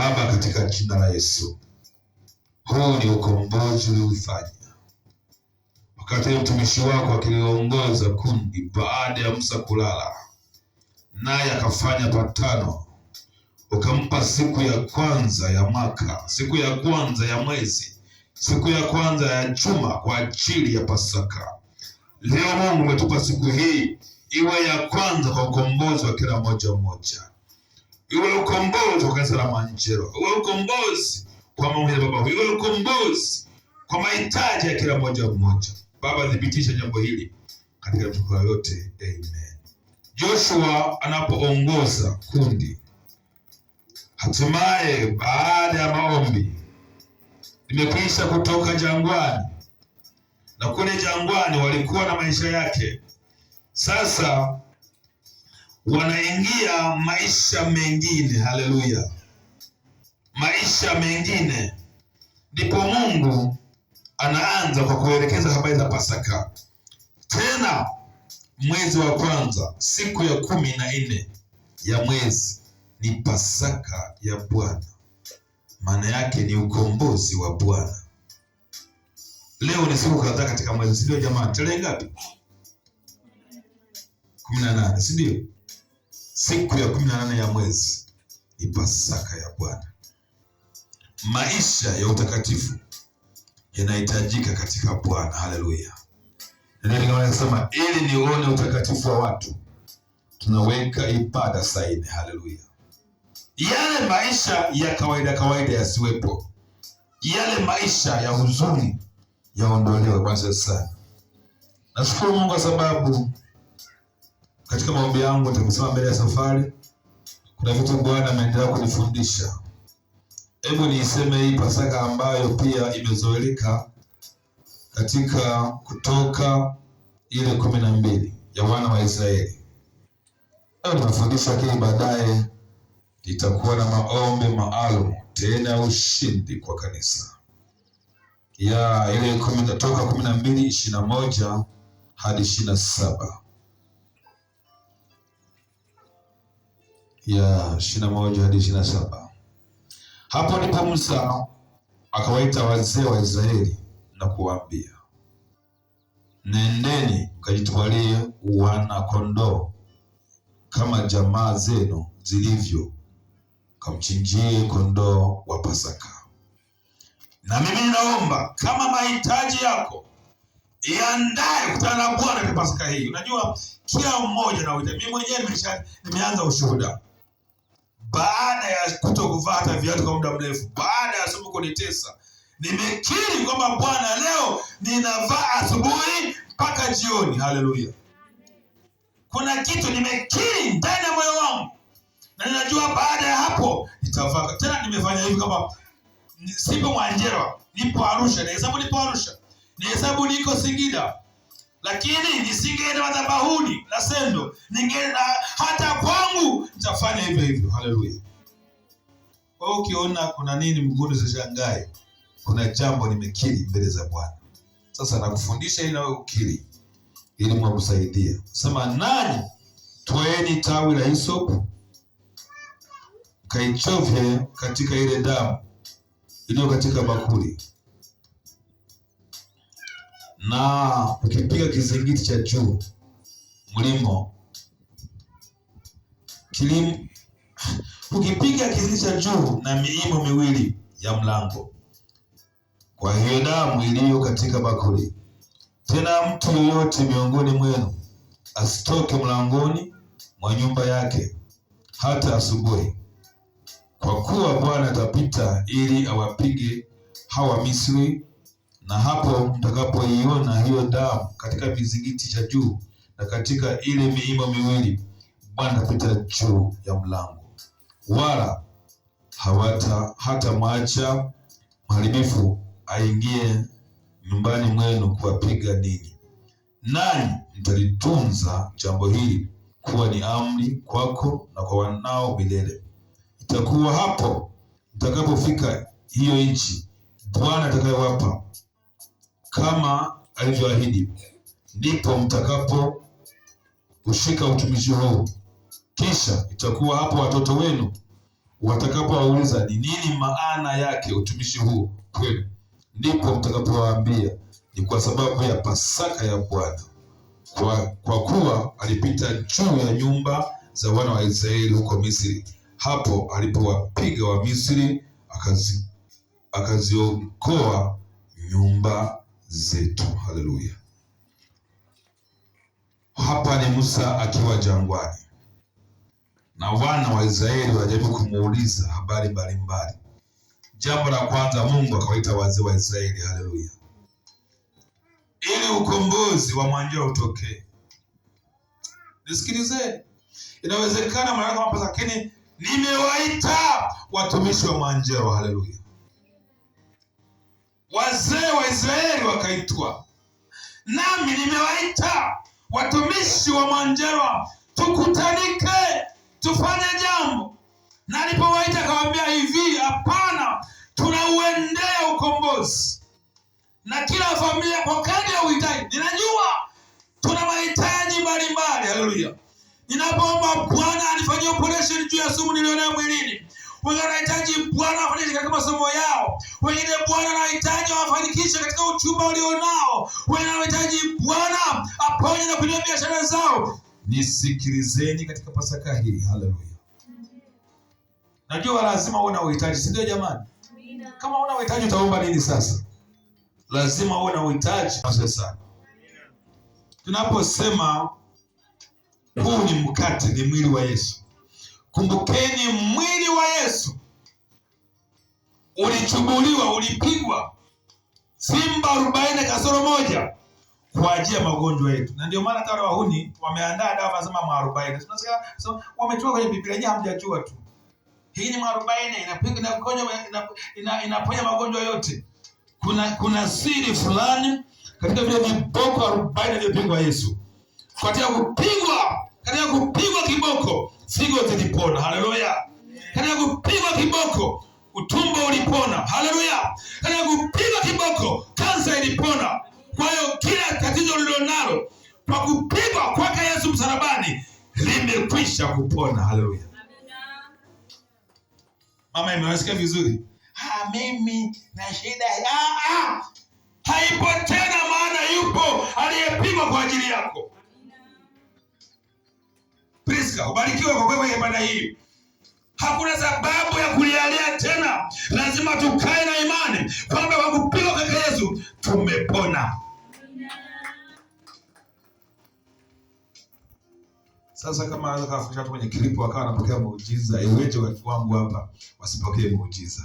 Baba, katika jina la Yesu, huu ni ukombozi ulioufanya wakati mtumishi wako akiliongoza kundi baada ya Musa kulala, naye akafanya patano, ukampa siku ya kwanza ya mwaka, siku ya kwanza ya mwezi, siku ya kwanza ya juma kwa ajili ya Pasaka. Leo Mungu umetupa siku hii iwe ya kwanza kwa ukombozi wa kila mmoja mmoja iwe ukombozi kwa kanisa la Mwananjelo, iwe ukombozi kwa maombi ya baba, iwe ukombozi kwa mahitaji ya kila mmoja mmoja. Baba, thibitisha jambo hili katika mtukufu yote, amen. Joshua anapoongoza kundi, hatimaye baada ya maombi limekwisha kutoka jangwani, na kule jangwani walikuwa na maisha yake sasa wanaingia maisha mengine. Haleluya, maisha mengine. Ndipo Mungu anaanza kwa kuelekeza habari za Pasaka. Tena mwezi wa kwanza, siku ya kumi na nne ya mwezi ni Pasaka ya Bwana. Maana yake ni ukombozi wa Bwana. Leo ni siku kadhaa katika mwezi, si ndio? Jamani, tarehe ngapi? kumi na nane, si ndio? siku ya kumi na nane ya mwezi ni Pasaka ya Bwana. Maisha ya utakatifu yanahitajika katika Bwana. Haleluya! Nasema ili nione utakatifu wa watu, tunaweka ibada saini. Haleluya! Yale maisha ya kawaida kawaida yasiwepo, yale maisha ya huzuni yaondolewe. Kwanza sana nashukuru Mungu kwa sababu katika maombi yangu nitakusema mbele ya safari, kuna vitu Bwana ameendelea kunifundisha. Hebu niiseme hii Pasaka ambayo pia imezoeleka katika Kutoka ile kumi na mbili ya wana wa Israeli. Hayo nitafundisha, lakini baadaye itakuwa na maombi maalum tena ya ushindi kwa kanisa ya ile toka kumi na mbili ishirini na moja hadi ishirini na saba. ya ishirini na moja hadi ishirini na saba Hapo ndipo Musa akawaita wazee wa Israeli na kuwaambia, nendeni mkajitwalie wana kondoo kama jamaa zenu zilivyo, kamchinjie kondoo wa Pasaka. Na mimi ninaomba kama mahitaji yako iandae kutana na Bwana kwa Pasaka hii. Unajua, kila mmoja na mimi mwenyewe nimeanza ushuhuda baada ya kutokuvaa viatu kwa muda mrefu, baada ya sumu kunitesa, nimekiri kwamba Bwana, leo ninavaa asubuhi mpaka jioni. Haleluya! Kuna kitu nimekiri ndani ya moyo wangu na ninajua baada ya hapo nitavaa tena. Nimefanya hivi kama sipo Mwanjerwa, nipo Arusha, hesabu nipo Arusha, hesabu niko Singida lakini nisingeenda madhabahuni na sendo, ningeenda hata kwangu, nitafanya hivyo hivyo. Haleluya! Kwa hiyo ukiona kuna nini za usishangae, kuna jambo nimekiri mbele za Bwana. Sasa nakufundisha ili nawe ukiri, ili mwakusaidia. Sema nani, twaeni tawi la hisopu kaichovye katika ile damu iliyo katika bakuli na ukipiga kizingiti cha juu mlimo kilim, ukipiga kizingiti cha juu na miimo miwili ya mlango, kwa hiyo damu iliyo katika bakuli. Tena mtu yoyote miongoni mwenu asitoke mlangoni mwa nyumba yake hata asubuhi, kwa kuwa Bwana atapita ili awapige hawa Misri na hapo mtakapoiona hiyo damu katika kizingiti cha juu na katika ile miimo miwili, Bwana pita juu ya mlango, wala hawata hata mwacha mharibifu aingie nyumbani mwenu kuwapiga ninyi, nani mtalitunza jambo hili kuwa ni amri kwako na kwa wanao milele. Itakuwa hapo mtakapofika hiyo nchi Bwana atakayowapa kama alivyoahidi, ndipo mtakapo kushika utumishi huu, kisha itakuwa hapo watoto wenu watakapowauliza ni nini maana yake utumishi huu kwenu, ndipo mtakapowaambia ni kwa sababu ya Pasaka ya Bwana, kwa, kwa kuwa alipita juu ya nyumba za wana wa Israeli huko Misri, hapo alipowapiga wa Misri akazi akaziokoa nyumba zetu. Haleluya! Hapa ni Musa akiwa jangwani na wana wa Israeli wajaribu kumuuliza habari mbalimbali. Jambo la kwanza, Mungu akawaita wazee wa Israeli. Haleluya! ili ukombozi wa mwanjia utokee. nisikilize inawezekana mwanadamu hapa, lakini nimewaita watumishi wa mwanjia. Haleluya! wazee wa Israeli wakaitwa, nami nimewaita watumishi wa Manjelwa, tukutanike tufanye jambo. Na alipowaita akawaambia hivi, hapana, tunauendea ukombozi na kila familia kwa kadri ya uhitaji. Ninajua tuna mahitaji mbalimbali. Haleluya! Ninapoomba Bwana anifanyie operation juu ya sumu nilionayo mwilini wengine wanahitaji Bwana awafariji katika masomo yao. Wengine Bwana anahitaji awafanikishe katika uchumba ulionao Wengine wanahitaji Bwana aponye na kuinua biashara zao. Nisikilizeni katika Pasaka hii. Haleluya. Najua lazima uwe na uhitaji, si ndio jamani? Kama una uhitaji utaomba nini sasa? Lazima uwe na uhitaji sasa. Tunaposema huu ni mkate, ni mwili wa Yesu Kumbukeni mwili wa Yesu ulichubuliwa, ulipigwa simba arobaini kasoro moja kwa ajili ya magonjwa yetu, na ndio maana hata wahuni wameandaa dawa wanasema mwarobaini. Tunasikia so, wametoka kwenye Biblia yenyewe, hamjachua tu. Hii ni mwarobaini, inaponya ina, ina, inaponya magonjwa yote. Kuna kuna siri fulani katika vile viboko arobaini alivyopigwa Yesu, kwa kupigwa katika kupigwa kiboko figo zilipona. Haleluya! katika kupigwa kiboko utumbo ulipona. Haleluya! katika kupigwa kiboko kansa ilipona. Kwa hiyo kila tatizo lililonalo kwa kupigwa kwake Yesu msalabani limekwisha kupona. Haleluya! Mama, imewasikia vizuri? Ha, ah, mimi na shida ya ah, ah! Priska, ubarikiwe kwa kweli ibada hii. Hakuna sababu ya kulialia tena, lazima tukae na imani kwamba kwa kupigwa kwa Yesu tumepona. Sasa kama anaweza kufikisha watu kwenye klipu akawa anapokea muujiza, iweje watu wangu hapa wasipokee muujiza?